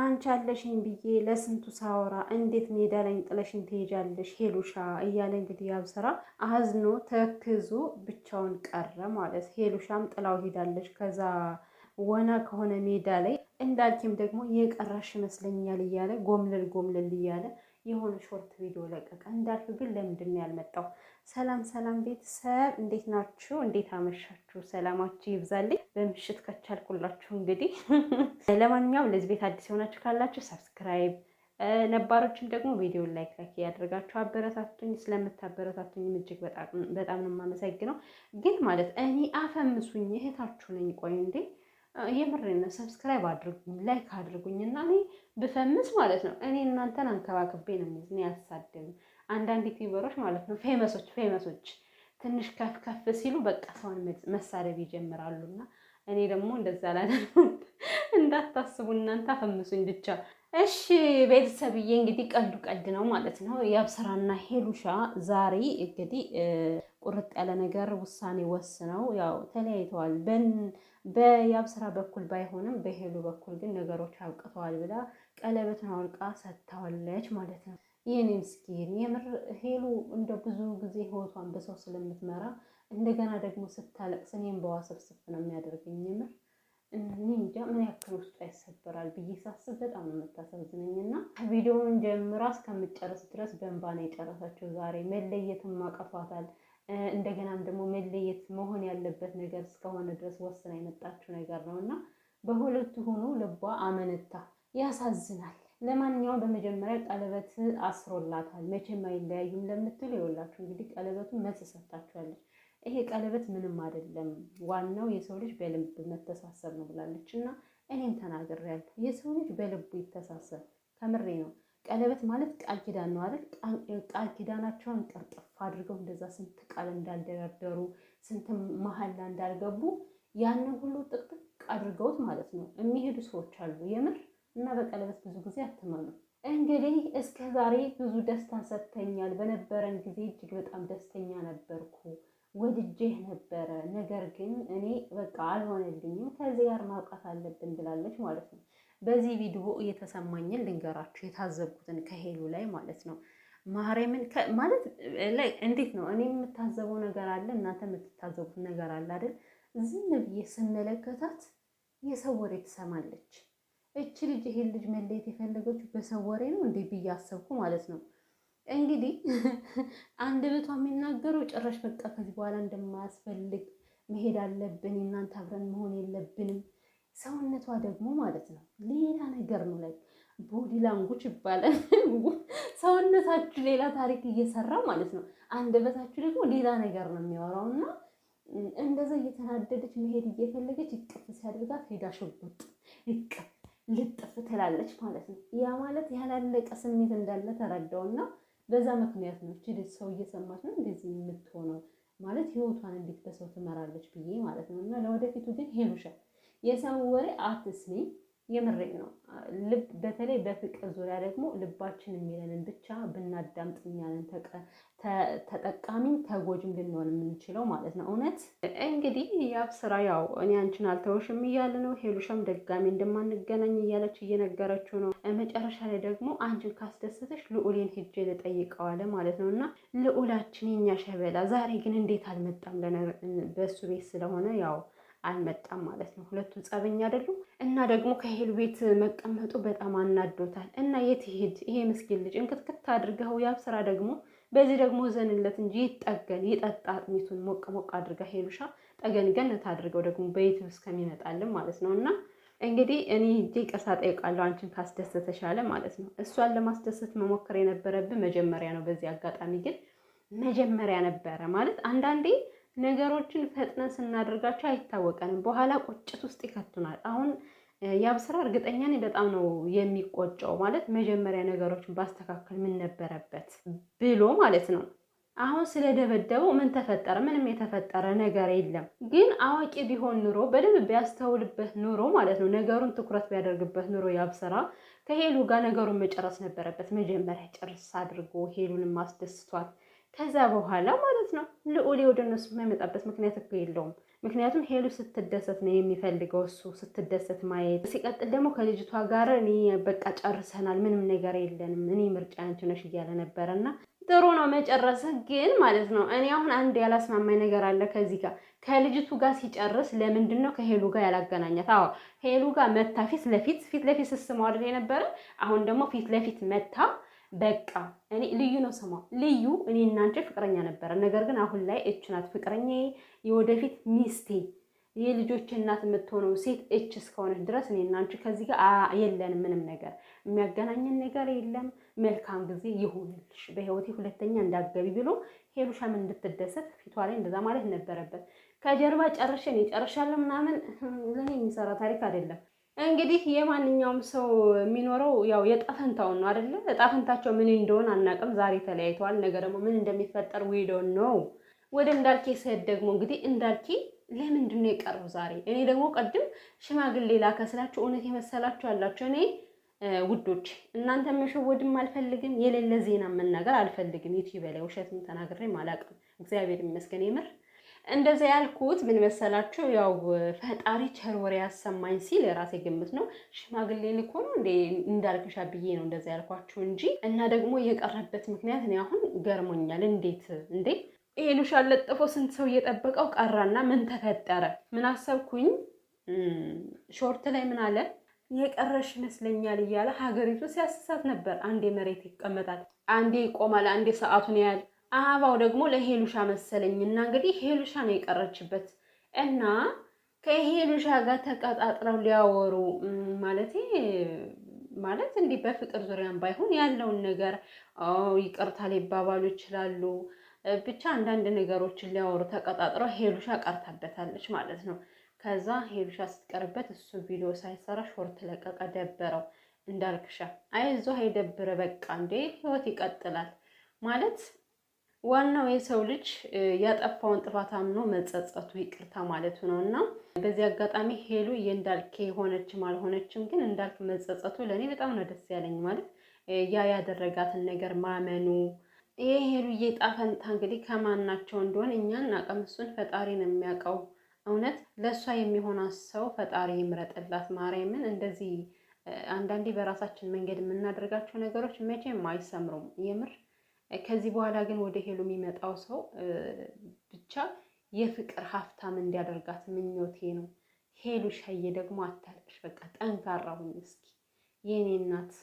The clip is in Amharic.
አንቺ አለሽኝ ብዬ ለስንቱ ሳወራ እንዴት ሜዳ ላይ ጥለሽኝ ትሄጃለሽ ሄሉሻ እያለ እንግዲህ ያብሰራ አዝኖ ተክዙ ብቻውን ቀረ ማለት። ሄሉሻም ጥላው ሄዳለች። ከዛ ወና ከሆነ ሜዳ ላይ እንዳልኪም ደግሞ የቀራሽ ይመስለኛል እያለ ጎምልል ጎምልል እያለ የሆነ ሾርት ቪዲዮ ለቀቀ። እንዳልክ ግን ለምንድን ነው ያልመጣው? ሰላም ሰላም ቤተሰብ እንዴት ናችሁ? እንዴት አመሻችሁ? ሰላማችሁ ይብዛልኝ። በምሽት ከቻልኩላችሁ እንግዲህ ለማንኛውም ለዚህ ቤት አዲስ የሆናችሁ ካላችሁ ሰብስክራይብ፣ ነባሮችም ደግሞ ቪዲዮ ላይክ ላይክ እያደረጋችሁ አበረታቱኝ። ስለምታበረታቱኝ እጅግ በጣም ነው የማመሰግነው። ግን ማለት እኔ አፈምሱኝ እህታችሁ ነኝ። ቆይ እንዴ የምሬን ነው። ሰብስክራይብ አድርጉኝ፣ ላይክ አድርጉኝ እና እኔ ብፈምስ ማለት ነው እኔ እናንተን አንከባክቤ ነው የሚዝ ያሳድም አንዳንድ ዩቲዩበሮች ማለት ነው ፌመሶች ፌመሶች ትንሽ ከፍ ከፍ ሲሉ በቃ ሰውን መሳደብ ይጀምራሉ። እና እኔ ደግሞ እንደዛ ላለ እንዳታስቡ እናንተ አፈምሱኝ ብቻ እሺ። ቤተሰብዬ እንግዲህ ቀልዱ ቀልድ ነው ማለት ነው። የአብስራና ሄሉሻ ዛሬ እንግዲህ ቁርጥ ያለ ነገር ውሳኔ ወስነው ያው ተለያይተዋል በን በያብ ስራ በኩል ባይሆንም በሄሉ በኩል ግን ነገሮች አብቅተዋል ብላ ቀለበትን አውልቃ ሰጥታዋለች ማለት ነው። ይህን ምስኪን የምር ሄሉ እንደ ብዙ ጊዜ ህይወቷን በሰው ስለምትመራ እንደገና ደግሞ ስታለቅስ እኔም በዋሰብስብ ነው የሚያደርገኝ የምር እኔ እንጃ ምን ያክል ውስጡ ያሰበራል ብዬ ሳስብ በጣም ነው የምታሳዝነኝ። እና ቪዲዮውን ጀምራ እስከምጨርስ ድረስ በእንባ ነው የጨረሰችው። ዛሬ መለየትም አቅቷታል። እንደገናም ደግሞ መለየት መሆን ያለበት ነገር እስከሆነ ድረስ ወስና የመጣችው ነገር ነው እና በሁለቱ ሆኖ ልቧ አመነታ። ያሳዝናል። ለማንኛውም በመጀመሪያ ቀለበት አስሮላታል። መቼም አይለያዩም ለምትሉ የወላችሁ እንግዲህ ቀለበቱን መልስ ሰጥታችኋለች። ይሄ ቀለበት ምንም አይደለም፣ ዋናው የሰው ልጅ በልብ መተሳሰብ ነው ብላለች እና እኔም ተናግሬያለሁ። የሰው ልጅ በልቡ ይተሳሰብ። ከምሬ ነው። ቀለበት ማለት ቃል ኪዳን ነው አይደል? ቃል ኪዳናቸውን ቅርጥፍ አድርገው እንደዛ ስንት ቃል እንዳልደረደሩ ስንት መሀላ እንዳልገቡ ያንን ሁሉ ጥቅጥቅ አድርገውት ማለት ነው የሚሄዱ ሰዎች አሉ የምር እና በቀለበት ብዙ ጊዜ አትመኑ። እንግዲህ እስከ ዛሬ ብዙ ደስታን ሰጥተኛል። በነበረን ጊዜ እጅግ በጣም ደስተኛ ነበርኩ፣ ወድጄህ ነበረ። ነገር ግን እኔ በቃ አልሆነልኝም። ከዚህ ጋር ማብቃት አለብን ብላለች ማለት ነው። በዚህ ቪዲዮ እየተሰማኝን ልንገራችሁ የታዘብኩትን ከሄሉ ላይ ማለት ነው። ማህሬምን ማለት ላይ እንዴት ነው እኔ የምታዘበው ነገር አለ፣ እናንተ የምትታዘቡት ነገር አለ አይደል? ዝም ብዬ ስመለከታት የሰው ወሬ ትሰማለች። እች ልጅ ይሄን ልጅ መለየት የፈለገችው በሰው ወሬ ነው እንዴ ብዬ አሰብኩ ማለት ነው። እንግዲህ አንድ ብቷ የሚናገረው ጭራሽ በቃ ከዚህ በኋላ እንደማያስፈልግ መሄድ አለብን፣ እናንተ አብረን መሆን የለብንም ሰውነቷ ደግሞ ማለት ነው ሌላ ነገር ነው። ላይ ቦዲ ላንጉች ይባላል። ሰውነታችሁ ሌላ ታሪክ እየሰራ ማለት ነው፣ አንደበታችሁ ደግሞ ሌላ ነገር ነው የሚያወራው። እና እንደዛ እየተናደደች መሄድ እየፈለገች ይቅፍ ሲያደርጋት ሄዳ ሽጉጥ ይቅፍ ልጥፍ ትላለች ማለት ነው። ያ ማለት ያላለቀ ስሜት እንዳለ ተረዳውና በዛ ምክንያት ነው ችልጅ ሰው እየሰማች ነው እንደዚህ የምትሆነው ማለት ህይወቷን እንዴት በሰው ትመራለች ብዬ ማለት ነው። እና ለወደፊቱ ግን ሄሉሻል የሰውን ወሬ አትስሚ። የምሬት ነው። ልብ በተለይ በፍቅር ዙሪያ ደግሞ ልባችን የሚለንን ብቻ ብናዳምጥ እኛንን ተጠቃሚም ተጎጂም ልንሆን የምንችለው ማለት ነው። እውነት እንግዲህ ስራ ያው እኔ አንቺን አልተውሽም እያለ ነው። ሄሉሻም ደጋሚ እንደማንገናኝ እያለች እየነገረችው ነው። መጨረሻ ላይ ደግሞ አንቺን ካስደሰተች ልዑሌን ሄጄ ልጠይቀዋለ ማለት ነው። እና ልዑላችን የኛ ሸበላ ዛሬ ግን እንዴት አልመጣም? በእሱ ቤት ስለሆነ ያው አልመጣም ማለት ነው። ሁለቱ ጸበኛ አይደሉም እና ደግሞ ከሄሉ ቤት መቀመጡ በጣም አናዶታል እና የት ይሄድ ይሄ ምስኪን ልጅ እንክትክት አድርገው ያብ ስራ ደግሞ በዚህ ደግሞ ዘንለት እንጂ ይጠገን ይጠጣ አጥሚቱን ሞቅ ሞቅ አድርጋ ሄሉሻ ጠገን ገነት አድርገው ደግሞ በዩቲዩብ እስከሚመጣልን ማለት ነው። እና እንግዲህ እኔ ሂጄ ቀሳ ጠይቃለሁ አንቺን ካስደሰተሻለ ማለት ነው። እሷን ለማስደሰት መሞከር የነበረብን መጀመሪያ ነው። በዚህ አጋጣሚ ግን መጀመሪያ ነበረ ማለት አንዳንዴ ነገሮችን ፈጥነን ስናደርጋቸው አይታወቀንም፣ በኋላ ቁጭት ውስጥ ይከቱናል። አሁን የአብስራ እርግጠኛ ነኝ በጣም ነው የሚቆጨው። ማለት መጀመሪያ ነገሮችን ባስተካከል ምን ነበረበት ብሎ ማለት ነው። አሁን ስለደበደበው ምን ተፈጠረ? ምንም የተፈጠረ ነገር የለም። ግን አዋቂ ቢሆን ኑሮ በደንብ ቢያስተውልበት ኑሮ ማለት ነው፣ ነገሩን ትኩረት ቢያደርግበት ኑሮ ያብስራ ከሄሉ ጋር ነገሩን መጨረስ ነበረበት። መጀመሪያ ጨርስ አድርጎ ሄሉንም አስደስቷል። ከዛ በኋላ ማለት ነው ልዑል ወደ እነሱ የማይመጣበት ምክንያት እኮ የለውም። ምክንያቱም ሄሉ ስትደሰት ነው የሚፈልገው እሱ ስትደሰት ማየት። ሲቀጥል ደግሞ ከልጅቷ ጋር እኔ በቃ ጨርሰናል፣ ምንም ነገር የለንም፣ እኔ ምርጫ አንቺ ነሽ እያለ ነበረ እና ጥሩ ነው መጨረስ ግን ማለት ነው እኔ አሁን አንድ ያላስማማኝ ነገር አለ ከዚህ ጋር ከልጅቱ ጋር ሲጨርስ ለምንድን ነው ከሄሉ ጋር ያላገናኛት? አዎ ሄሉ ጋር መታ ፊት ለፊት ፊት ለፊት ስስመዋል የነበረ አሁን ደግሞ ፊት ለፊት መታ በቃ እኔ ልዩ ነው ስማ ልዩ። እኔ እናንቺ ፍቅረኛ ነበረ። ነገር ግን አሁን ላይ እች ናት ፍቅረኛ፣ የወደፊት ሚስቴ፣ የልጆች እናት የምትሆነው ሴት እች እስከሆነች ድረስ እኔ እናንቺ ከዚህ ጋር የለንም። ምንም ነገር የሚያገናኝን ነገር የለም። መልካም ጊዜ ይሁንልሽ፣ በህይወቴ ሁለተኛ እንዳገቢ ብሎ ሄሉሻም እንድትደሰት ፊቷ ላይ እንደዛ ማለት ነበረበት። ከጀርባ ጨርሼ እኔ ጨርሻለሁ ምናምን ለእኔ የሚሰራ ታሪክ አይደለም። እንግዲህ የማንኛውም ሰው የሚኖረው ያው የጣፈንታውን ነው አይደለ? ጣፈንታቸው ምን እንደሆነ አናውቅም። ዛሬ ተለያይተዋል፣ ነገ ደግሞ ምን እንደሚፈጠር ዊዶን ነው። ወደ እንዳልኬ ስሄድ ደግሞ እንግዲህ እንዳልኬ ለምንድን ነው የቀረው ዛሬ? እኔ ደግሞ ቀድም ሽማግሌ ላከ ስላችሁ እውነት የመሰላችሁ ያላችሁ እኔ ውዶች፣ እናንተ መሸወድም አልፈልግም፣ የሌለ ዜና መናገር አልፈልግም። ይቱ ላይ ውሸትም ተናግሬም አላውቅም። እግዚአብሔር ይመስገን የምር እንደዛ ያልኩት ምን መሰላችሁ? ያው ፈጣሪ ቸር ወሬ ያሰማኝ ሲል የራሴ ግምት ነው። ሽማግሌ ልኮ ነው እንዴ እንዳልክሻ ብዬ ነው እንደዛ ያልኳችሁ እንጂ እና ደግሞ የቀረበት ምክንያት እኔ አሁን ገርሞኛል። እንዴት እንዴ ውሻ ለጥፎ ስንት ሰው እየጠበቀው ቀራና ምን ተፈጠረ? ምን አሰብኩኝ ሾርት ላይ ምን አለ የቀረሽ ይመስለኛል እያለ ሀገሪቱ ሲያስሳት ነበር። አንዴ መሬት ይቀመጣል፣ አንዴ ይቆማል፣ አንዴ ሰዓቱን ያያል። አበባው ደግሞ ለሄሉሻ መሰለኝ እና እንግዲህ ሄሉሻ ነው የቀረችበት እና ከሄሉሻ ጋር ተቀጣጥረው ሊያወሩ ማለት ማለት እንዲህ በፍቅር ዙሪያን ባይሆን ያለውን ነገር ይቅርታ ሊባባሉ ይችላሉ። ብቻ አንዳንድ ነገሮችን ሊያወሩ ተቀጣጥረው ሄሉሻ ቀርታበታለች ማለት ነው። ከዛ ሄሉሻ ስትቀርበት እሱ ቪዲዮ ሳይሰራ ሾርት ለቀቀ። ደበረው እንዳልክሻ አይዞህ አይደብረ በቃ እንዴ ህይወት ይቀጥላል ማለት ዋናው የሰው ልጅ ያጠፋውን ጥፋት አምኖ መጸጸቱ ይቅርታ ማለቱ ነው እና በዚህ አጋጣሚ ሄሉ የእንዳልክ የሆነችም አልሆነችም ግን እንዳልክ መጸጸቱ ለእኔ በጣም ነው ደስ ያለኝ። ማለት ያ ያደረጋትን ነገር ማመኑ ይሄ ሄሉ እየጣፈንታ እንግዲህ ከማናቸው እንደሆን እኛን አቀምሱን ፈጣሪ ነው የሚያውቀው። እውነት ለእሷ የሚሆና ሰው ፈጣሪ ይምረጥላት። ማርያምን እንደዚህ አንዳንዴ በራሳችን መንገድ የምናደርጋቸው ነገሮች መቼም አይሰምሩም የምር ከዚህ በኋላ ግን ወደ ሄሉ የሚመጣው ሰው ብቻ የፍቅር ሀብታም እንዲያደርጋት ምኞቴ ነው። ሄሉ ሻዬ ደግሞ አታልቅሽ፣ በቃ ጠንካራ ሁኝ እስኪ የኔ እናት።